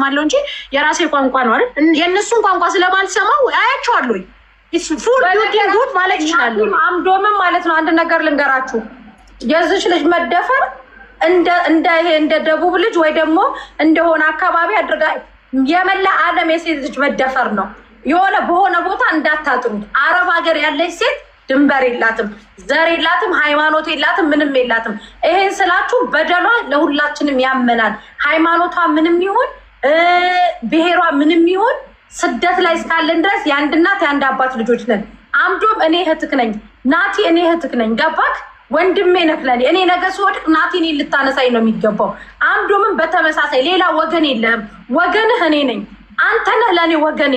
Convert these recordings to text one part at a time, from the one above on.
እሰማለሁ እንጂ የራሴ ቋንቋ ነው አይደል? የእነሱን ቋንቋ ስለማልሰማው አያቸዋለሁኝ። ፉል ማለት ይችላሉ። አምዶምም ማለት ነው። አንድ ነገር ልንገራችሁ፣ የዚች ልጅ መደፈር እንደ ይሄ እንደ ደቡብ ልጅ ወይ ደግሞ እንደሆነ አካባቢ አድርጋ የመላ ዓለም የሴት ልጅ መደፈር ነው። የሆነ በሆነ ቦታ እንዳታጥሩት። አረብ ሀገር ያለች ሴት ድንበር የላትም፣ ዘር የላትም፣ ሃይማኖት የላትም፣ ምንም የላትም። ይሄን ስላችሁ በደሏ ለሁላችንም ያመናል። ሃይማኖቷ ምንም ይሁን ብሔሯ ምንም ይሁን ስደት ላይ እስካለን ድረስ የአንድ እናት የአንድ አባት ልጆች ነን። አምዶም እኔ እህትክ ነኝ፣ ናቲ እኔ እህትክ ነኝ። ገባክ ወንድሜ ነክ ለኔ። እኔ ነገ ስወድቅ ናቲ ልታነሳኝ ነው የሚገባው። አምዶምን በተመሳሳይ ሌላ ወገን የለህም። ወገንህ እኔ ነኝ። አንተ ነህ ለእኔ ወገኔ።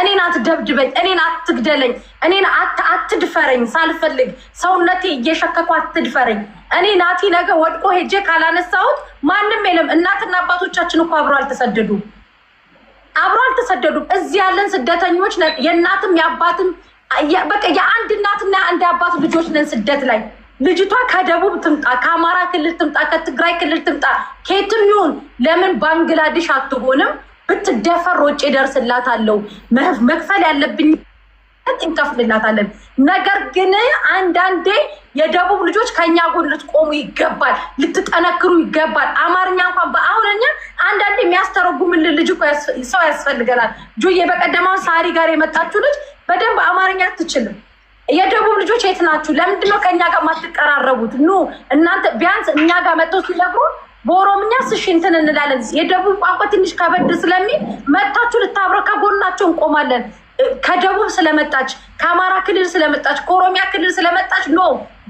እኔን አትደብድበኝ፣ እኔን አትግደለኝ፣ እኔን አትድፈረኝ። ሳልፈልግ ሰውነቴ እየሸከኩ አትድፈረኝ። እኔ ናቲ ነገ ወድቆ ሄጄ ካላነሳሁት ማንም የለም። እናትና አባቶቻችን እኮ አብሮ አልተሰደዱም፣ አብሮ አልተሰደዱም። እዚህ ያለን ስደተኞች የእናትም የአባትም በቃ የአንድ እናትና የአንድ አባት ልጆች ነን ስደት ላይ ልጅቷ ከደቡብ ትምጣ፣ ከአማራ ክልል ትምጣ፣ ከትግራይ ክልል ትምጣ፣ ኬትም ይሁን ለምን ባንግላዴሽ አትሆንም? ብትደፈር ሮጬ ደርስላታለሁ። መክፈል ያለብኝ እንከፍልላታለን። ነገር ግን አንዳንዴ የደቡብ ልጆች ከኛ ጎን ልትቆሙ ይገባል፣ ልትጠነክሩ ይገባል። አማርኛ እንኳን በአሁነኛ አንዳንዴ የሚያስተረጉምልን ልጅ ሰው ያስፈልገናል። ጆዬ በቀደማው ሳሪ ጋር የመጣችሁ ልጅ በደንብ አማርኛ አትችልም። የደቡብ ልጆች የት ናችሁ? ለምንድነው ከእኛ ጋር ማትቀራረቡት? ኑ እናንተ ቢያንስ እኛ ጋር መጥተው ሲነግሩ በኦሮምኛ ስሽ እንትን እንላለን። የደቡብ ቋንቋ ትንሽ ከበድ ስለሚል መጥታችሁ ልታብረ ከጎናቸው እንቆማለን። ከደቡብ ስለመጣች ከአማራ ክልል ስለመጣች ከኦሮሚያ ክልል ስለመጣች ኖ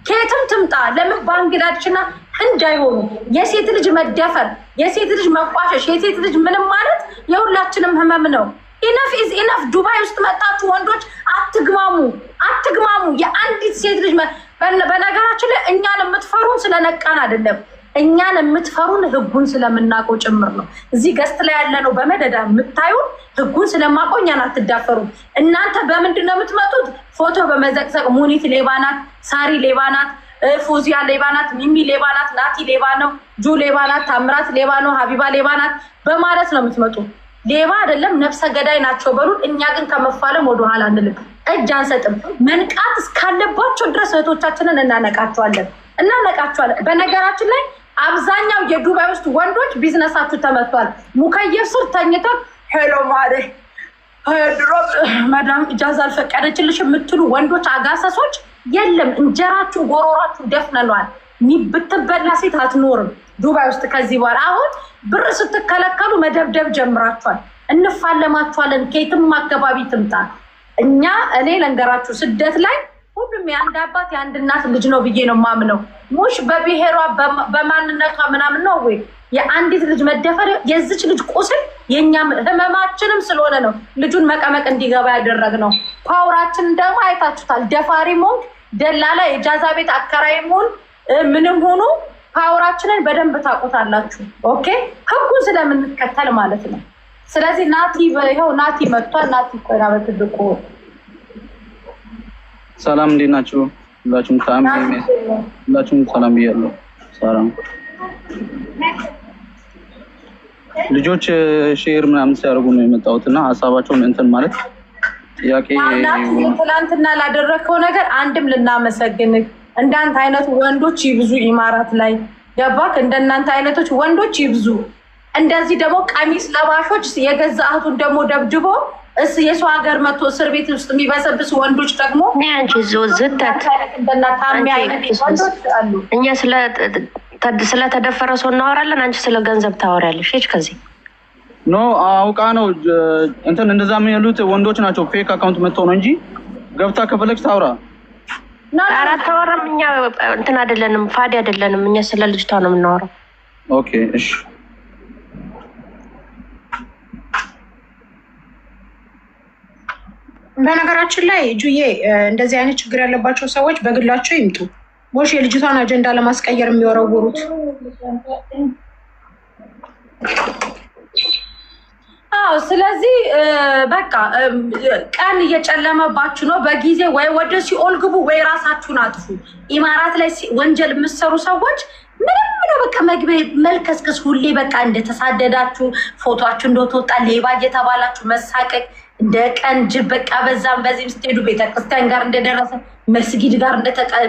ከየትም ትምጣ ለምን ባንግላዴሽና ህንድ አይሆኑ? የሴት ልጅ መደፈር፣ የሴት ልጅ መቋሸሽ፣ የሴት ልጅ ምንም ማለት የሁላችንም ህመም ነው። ኢነፍ ኢዝ ኢነፍ። ዱባይ ውስጥ መጣችሁ ወንዶች አትግማሙ፣ አትግማሙ። የአንዲት ሴት ልጅ በነገራችን ላይ እኛን የምትፈሩን ስለነቃን አይደለም እኛን የምትፈሩን ህጉን ስለምናውቀው ጭምር ነው። እዚህ ገስት ላይ ያለ ነው በመደዳ የምታዩን ህጉን ስለማውቀው እኛን አትዳፈሩም። እናንተ በምንድን ነው የምትመጡት? ፎቶ በመዘቅዘቅ ሙኒት ሌባናት፣ ሳሪ ሌባናት፣ ፉዚያ ሌባናት፣ ሚሚ ሌባናት፣ ናቲ ሌባ ነው፣ ጁ ሌባናት፣ ታምራት ሌባ ነው፣ ሀቢባ ሌባናት በማለት ነው የምትመጡ። ሌባ አይደለም ነፍሰ ገዳይ ናቸው በሉን። እኛ ግን ከመፋለም ወደኋላ አንልም፣ እጅ አንሰጥም። መንቃት እስካለባቸው ድረስ እህቶቻችንን እናነቃቸዋለን እናነቃቸዋለን። በነገራችን ላይ አብዛኛው የዱባይ ውስጥ ወንዶች ቢዝነሳችሁ ተመቷል። ሙከየፍ ስር ተኝተው ሄሎ ማለ ድሮ መዳም እጃዝ አልፈቀደችልሽ የምትሉ ወንዶች አጋሰሶች፣ የለም እንጀራችሁ ጎሮሯችሁ ደፍነኗል። ብትበላ ሴት አትኖርም ዱባይ ውስጥ ከዚህ በኋላ። አሁን ብር ስትከለከሉ መደብደብ ጀምራችኋል። እንፋለማችኋለን። ኬትም አካባቢ ትምጣ እኛ እኔ ለንገራችሁ ስደት ላይ ሁሉም የአንድ አባት የአንድ እናት ልጅ ነው ብዬ ነው ማምነው። ሙሽ በብሔሯ በማንነቷ ምናምን ነው ወይ የአንዲት ልጅ መደፈር የዚች ልጅ ቁስል የእኛም ህመማችንም ስለሆነ ነው ልጁን መቀመቅ እንዲገባ ያደረግነው። ፓውራችን ደግሞ አይታችሁታል። ደፋሪ መሆን፣ ደላላ፣ የጃዛ ቤት አከራይ ሞን ምንም ሆኖ ፓውራችንን በደንብ ታውቁታላችሁ። ኦኬ ህጉን ስለምንከተል ማለት ነው። ስለዚህ ናቲ ይኸው ናቲ መጥቷል። ናቲ ኮይና በትልቁ ሰላም እንዴት ናችሁ? ሁላችሁም ሰላም ሁላችሁም ሰላም ብያለሁ። ሰላም ልጆች ሼር ምናምን ሲያደርጉ ነው የመጣሁት እና ሀሳባቸውን እንትን ማለት ጥያቄ ትናንትና ላደረግከው ነገር አንድም ልናመሰግንህ እንዳንተ አይነቱ ወንዶች ይብዙ ኢማራት ላይ ገባክ። እንደናንተ አይነቶች ወንዶች ይብዙ። እንደዚህ ደግሞ ቀሚስ ለባሾች የገዛህቱን ደግሞ ደብድቦ እስ የሰው ሀገር መጥቶ እስር ቤት ውስጥ የሚበሰብስ ወንዶች ደግሞ አንቺ ዞ እኛ ስለተደፈረ ሰው እናወራለን። አንቺ ስለ ገንዘብ ታወሪያለሽ። ች ከዚህ ኖ አውቃ ነው እንትን እንደዛ የሚሉት ወንዶች ናቸው። ፌክ አካውንት መጥቶ ነው እንጂ ገብታ ከፈለግሽ ታውራ አራት እኛ እንትን አይደለንም፣ ፋዲ አይደለንም። እኛ ስለ ልጅቷ ነው የምናወራው። ኦኬ እሺ በነገራችን ላይ ጁዬ እንደዚህ አይነት ችግር ያለባቸው ሰዎች በግላቸው ይምጡ። ሞሽ የልጅቷን አጀንዳ ለማስቀየር የሚወረውሩት አዎ። ስለዚህ በቃ ቀን እየጨለመባችሁ ነው። በጊዜ ወይ ወደ ሲኦል ግቡ ወይ ራሳችሁን አጥፉ። ኢማራት ላይ ወንጀል የምትሰሩ ሰዎች ምንም ነው በቃ መግቢያ መልከስከስ፣ ሁሌ በቃ እንደተሳደዳችሁ ፎቶችሁ እንደተወጣ ሌባ እየተባላችሁ መሳቀቅ እንደ ቀን ጅብ በቃ በዛም በዚህም ስትሄዱ ቤተክርስቲያን ጋር እንደደረሰ መስጊድ ጋር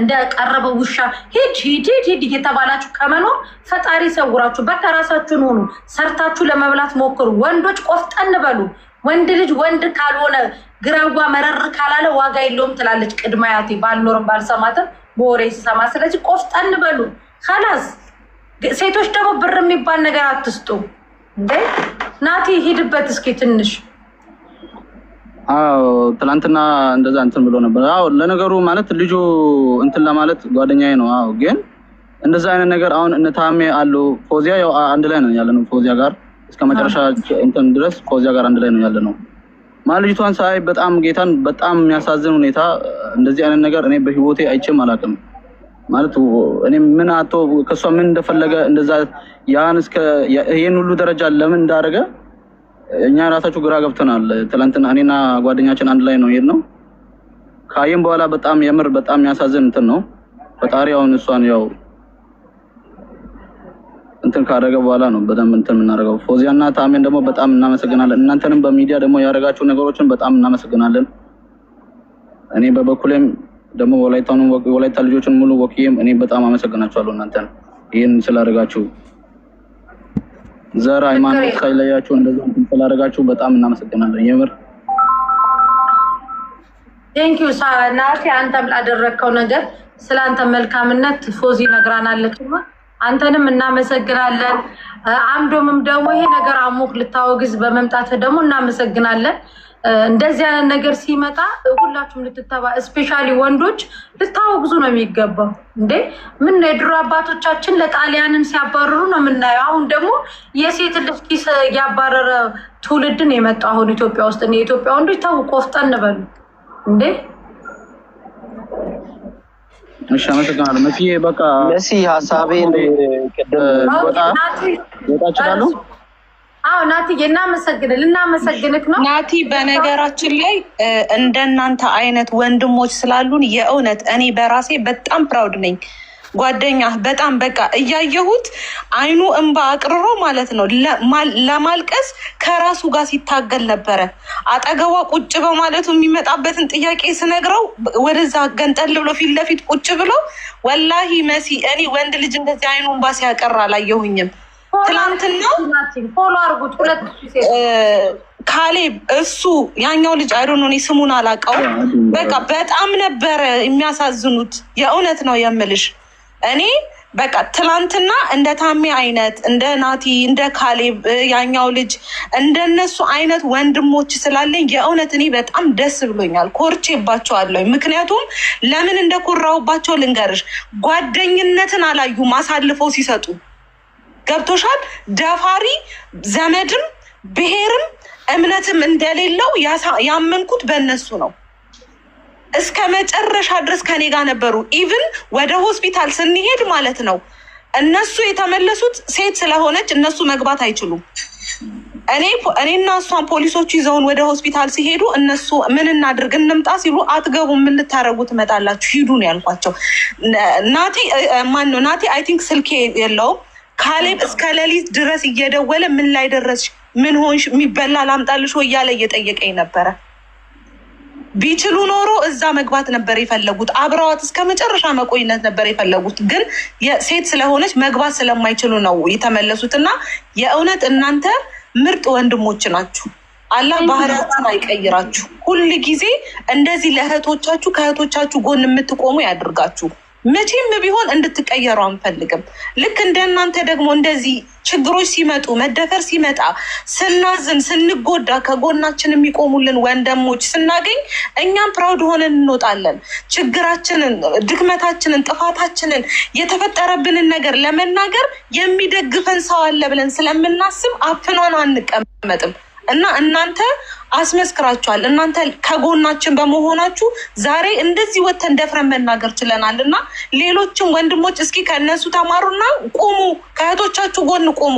እንደቀረበ ውሻ ሄድ ሄድ ሄድ ሄድ እየተባላችሁ ከመኖር ፈጣሪ ሰውራችሁ። በቃ ራሳችሁን ሆኑ፣ ሰርታችሁ ለመብላት ሞክሩ። ወንዶች ቆፍጠን በሉ። ወንድ ልጅ ወንድ ካልሆነ ግራዋ መረር ካላለ ዋጋ የለውም ትላለች ቅድመ አያቴ። ባልኖርም ባልሰማትም በወሬ ስሰማ፣ ስለዚህ ቆፍጠን በሉ ከላስ። ሴቶች ደግሞ ብር የሚባል ነገር አትስጡ እንዴ! ናቲ ሂድበት እስኪ ትንሽ አዎ ትላንትና እንደዛ እንትን ብሎ ነበር። አዎ ለነገሩ ማለት ልጁ እንትን ለማለት ጓደኛዬ ነው። አዎ ግን እንደዛ አይነት ነገር አሁን እነ ታሜ አሉ። ፎዚያ ያው አንድ ላይ ነው ያለ ነው። ፎዚያ ጋር እስከ መጨረሻ እንትን ድረስ ፎዚያ ጋር አንድ ላይ ነው ያለ ነው። ማለት ልጅቷን ሳይ በጣም ጌታን በጣም የሚያሳዝን ሁኔታ እንደዚህ አይነት ነገር እኔ በህይወቴ አይቼም አላውቅም። ማለት እኔ ምን አቶ ከእሷ ምን እንደፈለገ እንደዛ ያን እስከ ይህን ሁሉ ደረጃ ለምን እንዳደረገ እኛ ራሳችሁ ግራ ገብተናል። ትላንትና እኔና ጓደኛችን አንድ ላይ ነው ነው። ካየም በኋላ በጣም የምር በጣም የሚያሳዝን እንትን ነው። ፈጣሪ አሁን እሷን ያው እንትን ካደረገ በኋላ ነው በደንብ እንትን የምናደርገው። ፎዚያና ታሜን ደግሞ በጣም እናመሰግናለን። እናንተንም በሚዲያ ደግሞ ያደረጋችሁ ነገሮችን በጣም እናመሰግናለን። እኔ በበኩሌም ደግሞ ወላይታውን ወላይታ ልጆችን ሙሉ ወክዬም እኔ በጣም አመሰግናችኋለሁ እናንተን ይህን ስላደረጋችሁ። ዘር ሃይማኖት ሳይለያቸው እንደዛ ስላደረጋችሁ በጣም እናመሰግናለን። የምር ቴንኪዩ ናቲ፣ አንተም ላደረግከው ነገር ስለ አንተ መልካምነት ፎዚ ነግራናለች። አንተንም እናመሰግናለን። አምዶምም ደግሞ ይሄ ነገር አሞክ ልታወግዝ በመምጣት ደግሞ እናመሰግናለን። እንደዚህ አይነት ነገር ሲመጣ ሁላችሁም ልትተባ እስፔሻሊ ወንዶች ልታወግዙ ነው የሚገባው። እንዴ ምን የድሮ አባቶቻችን ለጣሊያንን ሲያባረሩ ነው የምናየው። አሁን ደግሞ የሴት ልጅ ኪስ ያባረረ ትውልድን የመጣው አሁን ኢትዮጵያ ውስጥ የኢትዮጵያ ወንዶች ተው ቆፍጠን በሉ እንዴ። እሺ አመሰግናለሁ። መሲ በቃ ሀሳቤን ቅድም ወጣ ወጣ ችላሉ አዎ ናቲ እናመሰግን ልናመሰግንክ ነው ናቲ። በነገራችን ላይ እንደናንተ አይነት ወንድሞች ስላሉን የእውነት እኔ በራሴ በጣም ፕራውድ ነኝ። ጓደኛ በጣም በቃ እያየሁት አይኑ እንባ አቅርሮ ማለት ነው ለማልቀስ ከራሱ ጋር ሲታገል ነበረ። አጠገቧ ቁጭ በማለቱ የሚመጣበትን ጥያቄ ስነግረው ወደዛ ገንጠል ብሎ ፊት ለፊት ቁጭ ብሎ ወላሂ መሲ እኔ ወንድ ልጅ እንደዚህ አይኑ እንባ ሲያቀር አላየሁኝም። ትላንትና ፎሎ አርጉት። ሁለት ካሌብ እሱ ያኛው ልጅ አይዶን እኔ ስሙን አላቀው በቃ በጣም ነበረ የሚያሳዝኑት። የእውነት ነው የምልሽ እኔ በቃ ትላንትና እንደ ታሜ አይነት እንደ ናቲ እንደ ካሌብ ያኛው ልጅ እንደነሱ አይነት ወንድሞች ስላለኝ የእውነት እኔ በጣም ደስ ብሎኛል። ኮርቼባቸዋለሁ። ምክንያቱም ለምን እንደኮራውባቸው ልንገርሽ፣ ጓደኝነትን አላዩም አሳልፈው ሲሰጡ ገብቶሻል። ደፋሪ ዘመድም ብሔርም እምነትም እንደሌለው ያመንኩት በእነሱ ነው። እስከ መጨረሻ ድረስ ከኔ ጋር ነበሩ። ኢቭን ወደ ሆስፒታል ስንሄድ ማለት ነው እነሱ የተመለሱት ሴት ስለሆነች እነሱ መግባት አይችሉም። እኔ እኔና እሷን ፖሊሶቹ ይዘውን ወደ ሆስፒታል ሲሄዱ እነሱ ምን እናድርግ እንምጣ ሲሉ አትገቡም፣ ምን ልታደርጉ ትመጣላችሁ? ሂዱ ነው ያልኳቸው። ናቲ ማን ነው ናቲ? አይ ቲንክ ስልኬ የለውም ካሌብ እስከ ሌሊት ድረስ እየደወለ ምን ላይ ደረስሽ፣ ምን ሆንሽ፣ የሚበላ ላምጣልሽ ወይ እያለ እየጠየቀኝ ነበረ። ቢችሉ ኖሮ እዛ መግባት ነበር የፈለጉት። አብረዋት እስከ መጨረሻ መቆይነት ነበር የፈለጉት። ግን ሴት ስለሆነች መግባት ስለማይችሉ ነው የተመለሱት። እና የእውነት እናንተ ምርጥ ወንድሞች ናችሁ። አላህ ባህሪያትን አይቀይራችሁ። ሁል ጊዜ እንደዚህ ለእህቶቻችሁ ከእህቶቻችሁ ጎን የምትቆሙ ያደርጋችሁ። መቼም ቢሆን እንድትቀየሩ አንፈልግም። ልክ እንደናንተ ደግሞ እንደዚህ ችግሮች ሲመጡ መደፈር ሲመጣ ስናዝን፣ ስንጎዳ ከጎናችን የሚቆሙልን ወንድሞች ስናገኝ እኛም ፕራውድ ሆነን እንወጣለን። ችግራችንን፣ ድክመታችንን፣ ጥፋታችንን የተፈጠረብንን ነገር ለመናገር የሚደግፈን ሰው አለ ብለን ስለምናስብ አፍኗን አንቀመጥም። እና እናንተ አስመስክራችኋል። እናንተ ከጎናችን በመሆናችሁ ዛሬ እንደዚህ ወተን ደፍረን መናገር ችለናል። እና ሌሎችን ወንድሞች እስኪ ከእነሱ ተማሩና ቁሙ፣ ከእህቶቻችሁ ጎን ቁሙ።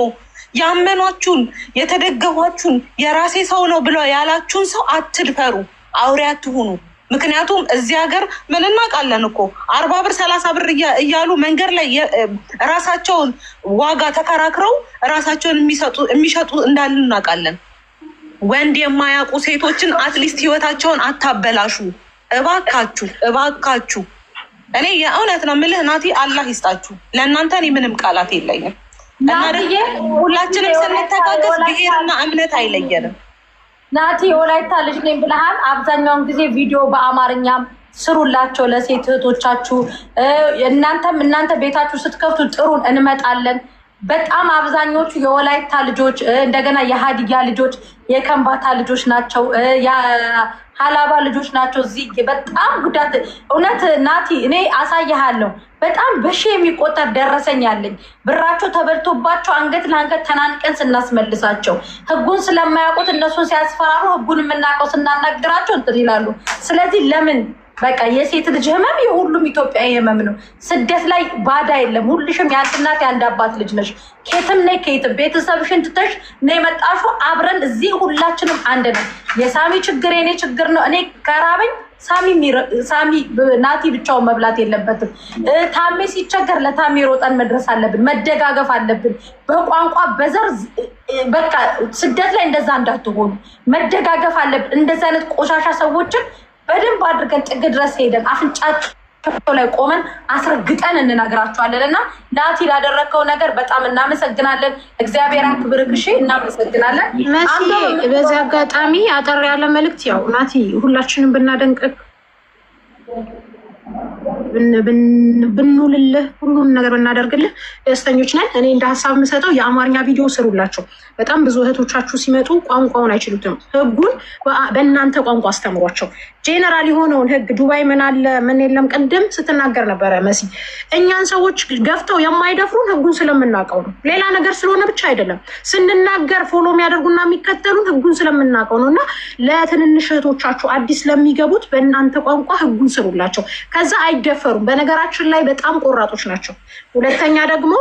ያመኗችሁን፣ የተደገፏችሁን የራሴ ሰው ነው ብለው ያላችሁን ሰው አትድፈሩ፣ አውሬ አትሁኑ። ምክንያቱም እዚህ ሀገር ምን እናውቃለን እኮ አርባ ብር ሰላሳ ብር እያሉ መንገድ ላይ ራሳቸውን ዋጋ ተከራክረው ራሳቸውን የሚሸጡ እንዳሉ እናውቃለን። ወንድ የማያውቁ ሴቶችን አትሊስት ህይወታቸውን አታበላሹ። እባካችሁ እባካችሁ፣ እኔ የእውነት ነው ምልህ ናቲ፣ አላህ ይስጣችሁ። ለእናንተ እኔ ምንም ቃላት የለኝም። ሁላችንም ስንተጋገዝ ብሄርና እምነት አይለየንም። ናቲ የወላይታ ልጅ ነኝ ብለሃል። አብዛኛውን ጊዜ ቪዲዮ በአማርኛም ስሩላቸው ለሴት እህቶቻችሁ። እናንተም እናንተ ቤታችሁ ስትከፍቱ ጥሩን እንመጣለን። በጣም አብዛኞቹ የወላይታ ልጆች እንደገና የሀዲያ ልጆች የከንባታ ልጆች ናቸው፣ የሀላባ ልጆች ናቸው። እዚህ በጣም ጉዳት እውነት ናቲ፣ እኔ አሳይሃለሁ። በጣም በሺ የሚቆጠር ደረሰኝ ያለኝ ብራቸው ተበልቶባቸው አንገት ለአንገት ተናንቀን ስናስመልሳቸው ህጉን ስለማያውቁት እነሱን ሲያስፈራሩ ህጉን የምናውቀው ስናናግራቸው እንትን ይላሉ። ስለዚህ ለምን በቃ የሴት ልጅ ህመም የሁሉም ኢትዮጵያዊ ህመም ነው። ስደት ላይ ባዳ የለም። ሁልሽም የአንድ እናት የአንድ አባት ልጅ ነሽ። ኬትም ነይ ኬትም ቤተሰብሽን ትተሽ ነው መጣሹ አብረን እዚህ ሁላችንም አንድ ነው። የሳሚ ችግር የኔ ችግር ነው። እኔ ከራበኝ ሳሚ ናቲ ብቻውን መብላት የለበትም። ታሜ ሲቸገር ለታሜ ሮጠን መድረስ አለብን። መደጋገፍ አለብን። በቋንቋ በዘር በቃ ስደት ላይ እንደዛ እንዳትሆኑ መደጋገፍ አለብን። እንደዚህ አይነት ቆሻሻ ሰዎችን በደንብ አድርገን ጥግ ድረስ ሄደን አፍንጫቸው ላይ ቆመን አስረግጠን እንነግራቸዋለን። እና ናቲ ላደረግከው ነገር በጣም እናመሰግናለን። እግዚአብሔር አክብርክ። እሺ፣ እናመሰግናለን። በዚህ አጋጣሚ አጠር ያለ መልእክት ያው ናቲ ሁላችንም ብናደንቅ ብንውልልህ፣ ሁሉን ነገር ብናደርግልህ ደስተኞች ነን። እኔ እንደ ሀሳብ የምሰጠው የአማርኛ ቪዲዮ ስሩላቸው። በጣም ብዙ እህቶቻችሁ ሲመጡ ቋንቋውን አይችሉትም። ህጉን በእናንተ ቋንቋ አስተምሯቸው። ጄኔራል የሆነውን ህግ ዱባይ ምን አለ ምን የለም ቅድም ስትናገር ነበረ መሲ። እኛን ሰዎች ገፍተው የማይደፍሩን ህጉን ስለምናውቀው ነው። ሌላ ነገር ስለሆነ ብቻ አይደለም። ስንናገር ፎሎ የሚያደርጉና የሚከተሉን ህጉን ስለምናውቀው ነው። እና ለትንንሽ እህቶቻችሁ አዲስ ለሚገቡት በእናንተ ቋንቋ ህጉን ስሩላቸው። ከዛ አይደፍ አይፈሩም። በነገራችን ላይ በጣም ቆራጦች ናቸው። ሁለተኛ ደግሞ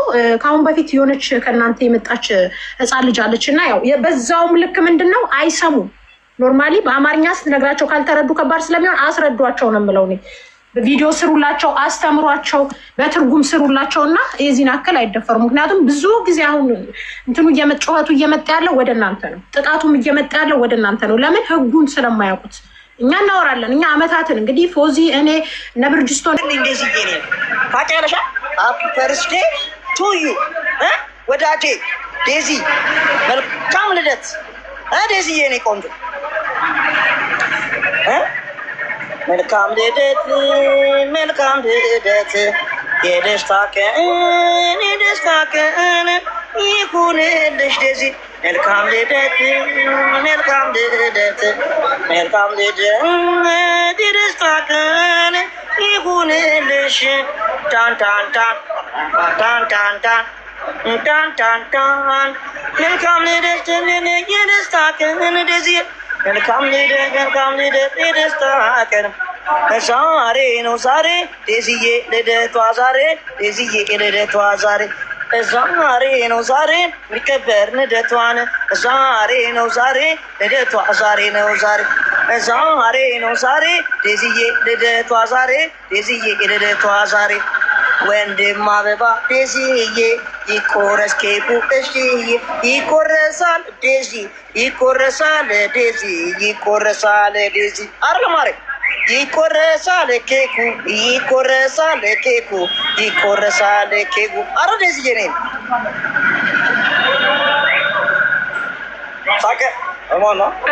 ከአሁን በፊት የሆነች ከእናንተ የመጣች ህፃን ልጅ አለች እና ያው በዛውም ልክ ምንድን ነው አይሰሙም። ኖርማሊ በአማርኛ ስትነግራቸው ካልተረዱ ከባድ ስለሚሆን አስረዷቸው ነው የምለው እኔ። ቪዲዮ ስሩላቸው፣ አስተምሯቸው፣ በትርጉም ስሩላቸው እና የዚህን አክል አይደፈሩም። ምክንያቱም ብዙ ጊዜ አሁን እንትኑ ጩኸቱ እየመጣ ያለው ወደ እናንተ ነው። ጥቃቱም እየመጣ ያለው ወደ እናንተ ነው። ለምን ህጉን ስለማያውቁት እኛ እናወራለን። እኛ አመታትን እንግዲህ ፎዚ እኔ ነብርጅስቶ እንደዚህ ጌ ታውቂያለሽ። ሃፒ በርዝዴ ቱ ዩ ወዳጄ ዴዚ፣ መልካም ልደት ዴዚ፣ የኔ ቆንጆ መልካም ልደት፣ መልካም ልደት፣ የደስታ ቀን የደስታ ቀን ይሁንልሽ ዴዚ መልካም ልደት፣ መልካም ልደት፣ መልካም ልደት። የደስታ ቀን ይሁንልሽ። ዳንዳንዳን ዳንዳንዳን መልካም ልደት፣ የደስታ ቀን እንደዚህ መልካም ልደት፣ መልካም ልደት፣ የደስታ ቀን ዛሬ ነው ዛሬ ደዝዬ ልደቷ ዛሬ ደዝዬ ልደቷ ዛሬ ዛሬ ነው ዛሬ የሚከበር ልደቷን ዛሬ ነው ዛሬ ልደቷ ዛሬ ነው ዛሬ ዛሬ ነው ዛሬ ዴዝዬ ልደቷ ዛሬ ዴዝዬ ልደቷ ዛሬ ወንድም አበባ ዴዝዬ ይቆረስ ኬኩ እሽዬ ይቆረሳል ዴዚ ይቆረሳል ዴዚ ይቆረሳል ዴዚ አርለማሪ ይቆረሳል ኬኩ ይቆረሳል ኬኩ ይቆረሳል ኬኩ። አረ ደስ ይኔ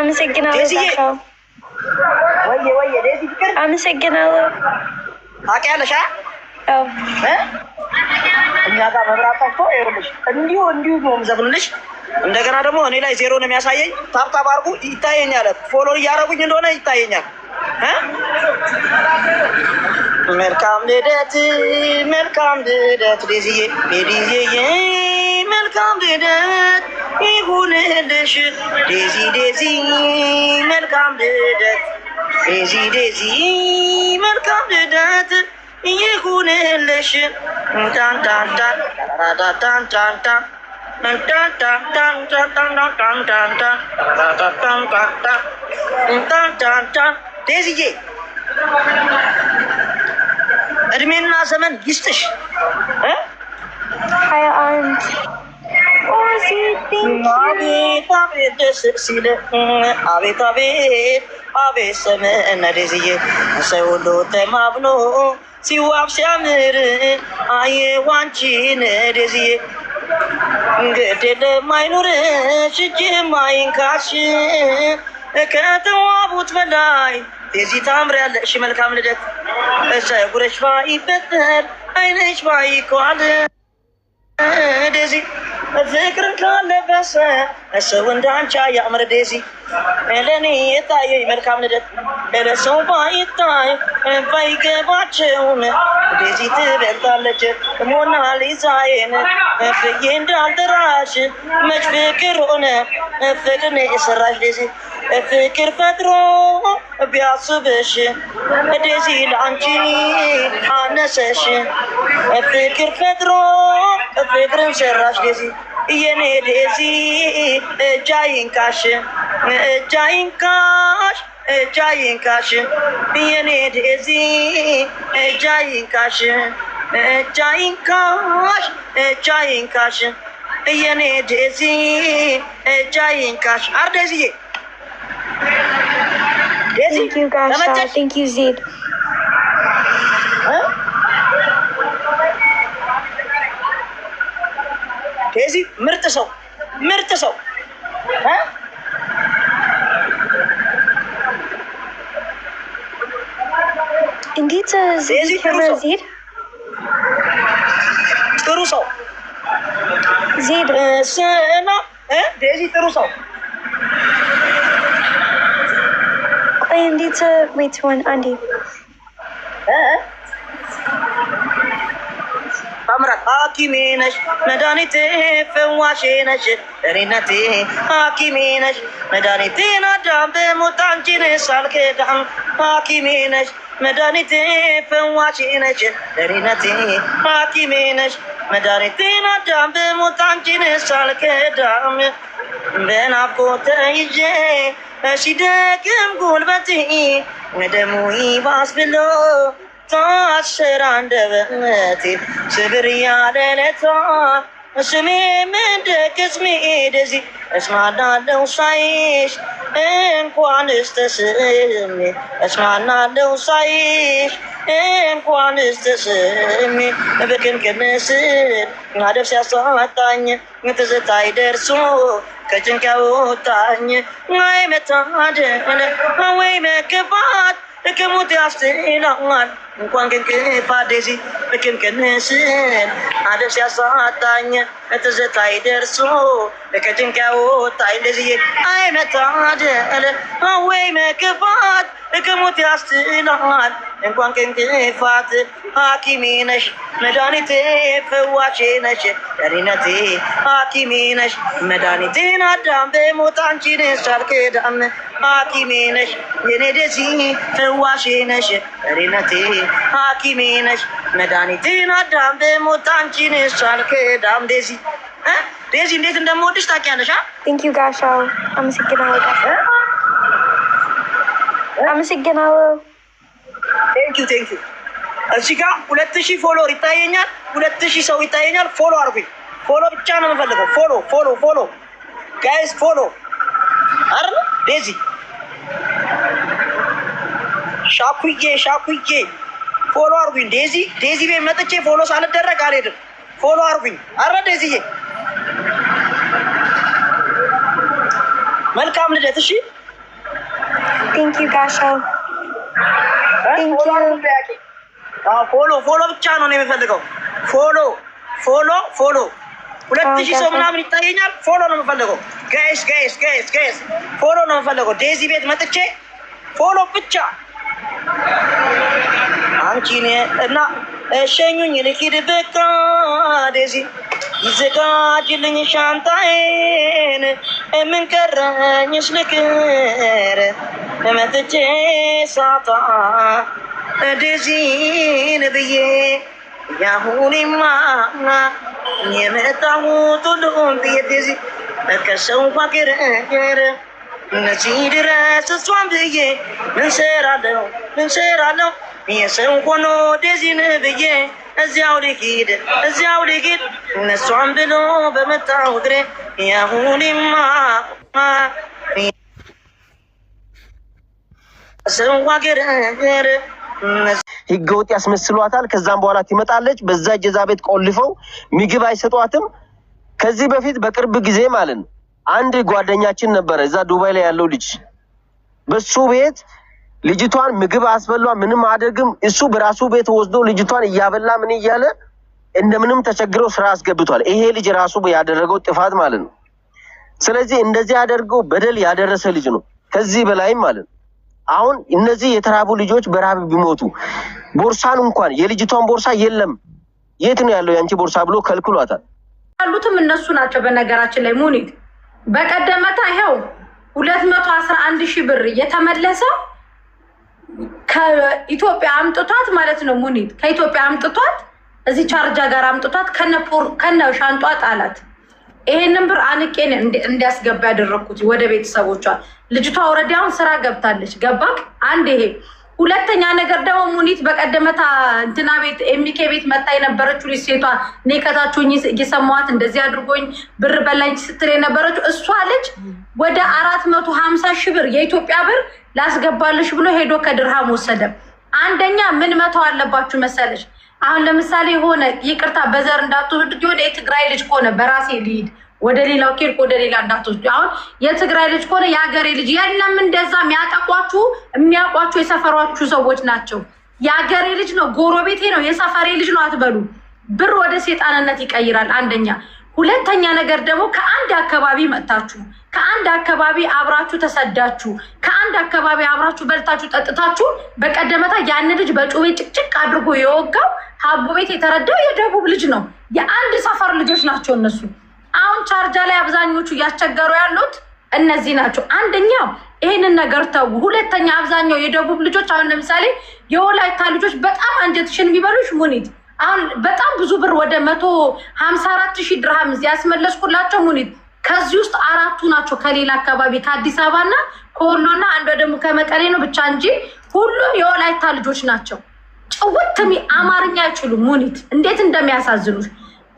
አመሰግናለሁ። አመሰግናለሁ። እኛ ጋር መብራት ጠፍቶ እንዲሁ እንዲሁ ነው የምዘፍንልሽ እንደገና ደግሞ እኔ ላይ ዜሮ ነው የሚያሳየኝ። ታብታብ አድርጉ ይታየኛል። ፎሎ እያረጉኝ እንደሆነ ይታየኛል። መልካም ልደት፣ መልካም ልደት ዴዝዬ፣ ዴዝዬ፣ መልካም ልደት ይሁንልሽ ዴዚ፣ ዴዚ፣ መልካም ልደት ዴዚ፣ ዴዚ፣ መልካም ልደት ይሁንልሽ ታንታንታን ታንታንታን ዴዝዬ እድሜና ዘመን ይስጥሽ። ሀያ አንድ አቤት አቤት አቤት አቤት አቤት ዘመን ሰው ሁሉ ተማምኖ ሲዋብ ሲያምር አየ ዋንቺን ዴዝዬ ግድል ማይኖርሽ እጅ ማይንካሽ ከተዋቡት በላይ የዚህ ታምር ያለ መልካም ልደት። ፀጉርሽ ባይበጠር አይነሽ ባይኳል ደዚህ ፍቅር ካለበሰ እሰው እንዳንቻ ያምር ዴዚ ለኔ የታየ መልካም ልደት ለሰው ባይታይ ባይገባቸውም ዴዚ ትበልጣለች ሞናሊዛዬን ብዬ እንዳልጠራሽ መች ፍቅር ሆነ ፍቅርን የሰራሽ ዴዚ ፍቅር ፈጥሮ ቢያስብሽ ደስ ይል አንቺ አነሰሽ ፍቅር ፈጥሮ ፍቅርን ሰራሽ ደዚ የኔ ደዚ እጅ አይንካሽ እጅ አይንካሽ እጅ አይንካሽ የኔ ደዚ እጅ አይንካሽ እጅ አይንካሽ እጅ አይንካሽ የኔ ደዚ እጅ አይንካሽ አርደዚዬ ቴንክ ዴዚ ምርጥ ሰው ምርጥ ሰው እንዴት ዜድ ጥሩ ሰው ዜድ እና ዴዚ ጥሩ ሰው ቆይ እንዴት ቤት ሆን አንዴ አምራት ሐኪሜ ነሽ መድኃኒቴ ፍዋሼ ነሽ እኔነቴ ሐኪሜ ነሽ መድኃኒቴ ናዳም ብሞት አንቺ ነሽ አልክዳም ሐኪሜ ነሽ መድኃኒቴ ፍዋሼ ነሽ እኔነቴ ሐኪሜ ነሽ መድኃኒቴ ናዳም ብሞት አንቺ ነሽ በናፍቆት ተይዤ ሲደክም ጉልበቴ ወደሙ ይባስ ብሎ ታሸራ አንደበቴ ስብር ያለ ስሜ እንደ ቅስሜ ደዚ እስማናለው ሳይሽ እንኳንስ ተስሜ እስማናለው ሳይሽ እንኳንስ ተስሜ በቅንቅን ስር ናደብ ሲያስታጣኝ ትዝታይ ደርሶ ከጭንቅ ያወጣኝ ወይ መታደል ወይ መገባት እክሙት ያስላል እንኳን ቅንቅፋ ዴዚ እክምቅንስል አደብ ሲያሳጣኝ ትዝታይ ደርሶ ከጭንቅ ያወጣኝ እንደዚህ አይ መታደል ወይ መገባት እቅሙት ያስትናሃል እንኳን ቅንቅፋት ሐኪሜ ነሽ መድኃኒቴ ፈዋቼ ነሽ ቀሪነቴ ሐኪሜ ነሽ መድኃኒቴን አዳም በሞት አንቺን ሳልክዳም ሐኪሜ ነሽ የኔ ደሲ ፈዋሼ ነሽ ቀሪነቴ ሐኪሜ ነሽ መድኃኒቴን አዳም በሞት አንቺን ሳልክዳም ደሲ ደዚ እንዴት እንደምወድሽ ታውቂያለሽ። ቴንኪው ጋሻው አመሰግናለሁ። አመሰግናለሁ። ቴንኪው ቴንኪው። እዚህ ጋር ሁለት ሺህ ፎሎወር ይታየኛል። ሁለት ሺህ ሰው ይታየኛል። ፎሎ አርጉኝ ፎሎ ብቻ ነው የምፈልገው። ፎሎ ፎሎ ፎሎ ጋይስ ፎሎ አርነ ቤዚ ሻኩዬ ሻኩዬ ፎሎ አርጉኝ። ዴዚ ዴዚ ቤት መጥቼ ፎሎ ሳልደረግ አልሄድም። ፎሎ አርጉኝ። አረ ዴዚዬ መልካም ልደት እሺ። ቴንክ ዩ ጋሻው ፎሎ ፎሎ ብቻ ነው የምፈልገው ፎሎ ፎሎ ፎሎ ሁለት ሺህ ሰው ምናምን ይታየኛል። ፎሎ ነው የምፈልገው። ጋይስ ጋይስ ጋይስ ጋይስ ፎሎ ነው የምፈልገው። ዴዚ ቤት መጥቼ ፎሎ ብቻ አንቺ እና ሸኙኝ ልሂድ በቃ ዴዚ ይዘጋጅልኝ ሻንጣዬን የምንቀረኝ ቀረኝስ ልቅር መጥቼ ሳጣ እንደዚህን ብዬ ያሁኔማ የመጣሁት ሁሉም ብዬ እንደዚ በከሰው ፋቅር እነዚህ ድረስ እሷን ብዬ ምንሰራለው ምንሰራለው የሰው ሆኖ እንደዚህን ብዬ እዚያው ልሂድ እዚያው ልሂድ እነሷን ብሎ በመጣው እግሬ ህገወጥ ያስመስሏታል። ከዛም በኋላ ትመጣለች። በዛ ጀዛ ቤት ቆልፈው ምግብ አይሰጧትም። ከዚህ በፊት በቅርብ ጊዜ ማለት ነው አንድ ጓደኛችን ነበረ እዛ ዱባይ ላይ ያለው ልጅ በሱ ቤት ልጅቷን ምግብ አስበሏ፣ ምንም አደርግም። እሱ በራሱ ቤት ወስዶ ልጅቷን እያበላ ምን እያለ እንደምንም ተቸግረው ስራ አስገብቷል። ይሄ ልጅ ራሱ ያደረገው ጥፋት ማለት ነው። ስለዚህ እንደዚህ አደርገው በደል ያደረሰ ልጅ ነው። ከዚህ በላይም ማለት ነው። አሁን እነዚህ የተራቡ ልጆች በረሃብ ቢሞቱ ቦርሳን እንኳን የልጅቷን ቦርሳ የለም የት ነው ያለው ያንቺ ቦርሳ ብሎ ከልክሏታል። ያሉትም እነሱ ናቸው። በነገራችን ላይ ሙኒት በቀደመታ ይኸው ሁለት መቶ አስራ አንድ ሺህ ብር እየተመለሰ ከኢትዮጵያ አምጥቷት ማለት ነው። ሙኒት ከኢትዮጵያ አምጥቷት እዚህ ቻርጃ ጋር አምጥቷት ከነ ሻንጧ ጣላት። ይሄንን ብር አንቄን እንዲያስገባ ያደረግኩት ወደ ቤተሰቦቿ። ልጅቷ ወረዲ አሁን ስራ ገብታለች። ገባክ አንድ ይሄ ሁለተኛ ነገር ደግሞ ሙኒት በቀደመታ እንትና ቤት ኤሚኬ ቤት መታ የነበረችው ልጅ ሴቷ እኔ ከታች ሆኜ እንደዚህ አድርጎኝ ብር በላኝ ስትል የነበረችው እሷ ልጅ ወደ አራት መቶ ሀምሳ ሺህ ብር የኢትዮጵያ ብር ላስገባልሽ ብሎ ሄዶ ከድርሃም ወሰደ አንደኛ ምን መተው አለባችሁ መሰለች አሁን ለምሳሌ የሆነ ይቅርታ በዘር እንዳትወድ የሆነ የትግራይ ልጅ ከሆነ በራሴ ልሂድ ወደ ሌላው ኬድኩ። ወደ ሌላ እንዳትወስዱ። አሁን የትግራይ ልጅ ከሆነ የሀገሬ ልጅ የለም። እንደዛ የሚያጠቋችሁ የሚያውቋችሁ የሰፈሯችሁ ሰዎች ናቸው። የሀገሬ ልጅ ነው፣ ጎረቤቴ ነው፣ የሰፈሬ ልጅ ነው አትበሉ። ብር ወደ ሴጣንነት ይቀይራል። አንደኛ ሁለተኛ ነገር ደግሞ ከአንድ አካባቢ መጥታችሁ ከአንድ አካባቢ አብራችሁ ተሰዳችሁ ከአንድ አካባቢ አብራችሁ በልታችሁ ጠጥታችሁ፣ በቀደመታ ያን ልጅ በጩቤ ጭቅጭቅ አድርጎ የወጋው ሀቦ ቤት የተረዳው የደቡብ ልጅ ነው። የአንድ ሰፈር ልጆች ናቸው እነሱ። አሁን ቻርጃ ላይ አብዛኞቹ እያስቸገሩ ያሉት እነዚህ ናቸው። አንደኛው ይህንን ነገር ተው። ሁለተኛ አብዛኛው የደቡብ ልጆች አሁን ለምሳሌ የወላይታ ልጆች በጣም አንጀትሽን የሚበሉሽ ሙኒት አሁን በጣም ብዙ ብር ወደ መቶ ሀምሳ አራት ሺህ ድርሃም ያስመለስኩላቸው ሙኒት ከዚህ ውስጥ አራቱ ናቸው ከሌላ አካባቢ ከአዲስ አበባና ከወሎና አንዷ ደግሞ ከመቀሌ ነው ብቻ እንጂ ሁሉም የወላይታ ልጆች ናቸው። ጭውትሚ አማርኛ አይችሉም። ሙኒት እንዴት እንደሚያሳዝኑሽ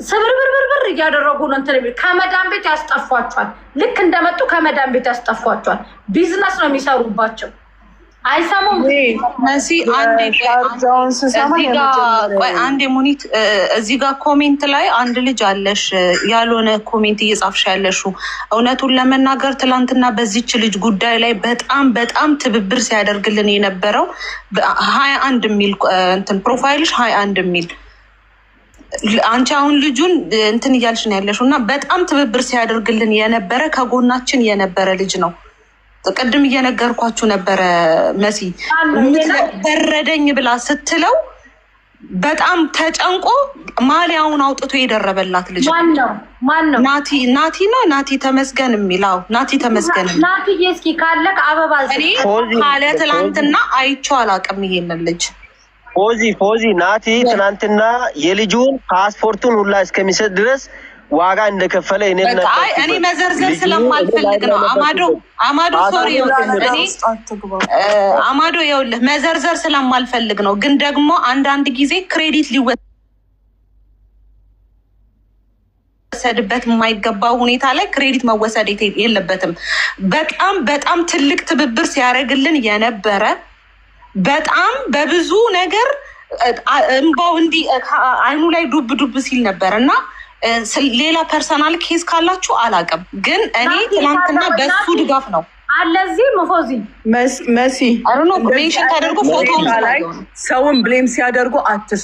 ስብርብርብርብር እያደረጉ ነው እንትን የሚል ከመዳን ቤት ያስጠፏቸዋል። ልክ እንደመጡ ከመዳን ቤት ያስጠፏቸዋል። ቢዝነስ ነው የሚሰሩባቸው። አይሰሙም። መሲ ሙኒት እዚህ ጋር ኮሜንት ላይ አንድ ልጅ አለሽ ያልሆነ ኮሜንት እየጻፍሽ ያለሹ እውነቱን ለመናገር ትላንትና በዚች ልጅ ጉዳይ ላይ በጣም በጣም ትብብር ሲያደርግልን የነበረው ሀያ አንድ የሚል እንትን ፕሮፋይልሽ ሀያ አንድ የሚል አንቺ አሁን ልጁን እንትን እያልሽ ነው ያለሽው እና በጣም ትብብር ሲያደርግልን የነበረ ከጎናችን የነበረ ልጅ ነው። ቅድም እየነገርኳችሁ ነበረ። መሲ በረደኝ ብላ ስትለው በጣም ተጨንቆ ማሊያውን አውጥቶ የደረበላት ልጅ ናቲ ናቲ ነው። ናቲ ተመስገን የሚለው ናቲ ተመስገን ናቲ። እስኪ ካለ ከአበባ ካለ ትላንትና አይቼው አላውቅም ይሄንን ልጅ ፎዚ ፎዚ ናቲ ትናንትና የልጁን ፓስፖርቱን ሁላ እስከሚሰጥ ድረስ ዋጋ እንደከፈለ እኔ እኔ መዘርዘር ስለማልፈልግ ነው። አማዶ አማዶ ሶሪ፣ እኔ አማዶ ይኸውልህ መዘርዘር ስለማልፈልግ ነው። ግን ደግሞ አንዳንድ ጊዜ ክሬዲት ሊወሰድበት የማይገባው ሁኔታ ላይ ክሬዲት መወሰድ የለበትም። በጣም በጣም ትልቅ ትብብር ሲያደርግልን የነበረ በጣም በብዙ ነገር እንባው እንዲህ አይኑ ላይ ዱብ ዱብ ሲል ነበር እና ሌላ ፐርሰናል ኬዝ ካላችሁ አላውቅም፣ ግን እኔ ትናንትና በሱ ድጋፍ ነው አለዚህ መፎዚ መሲ ሜንሽን ተደርጎ ፎቶ ሰውን ብሌም ሲያደርጉ አትስ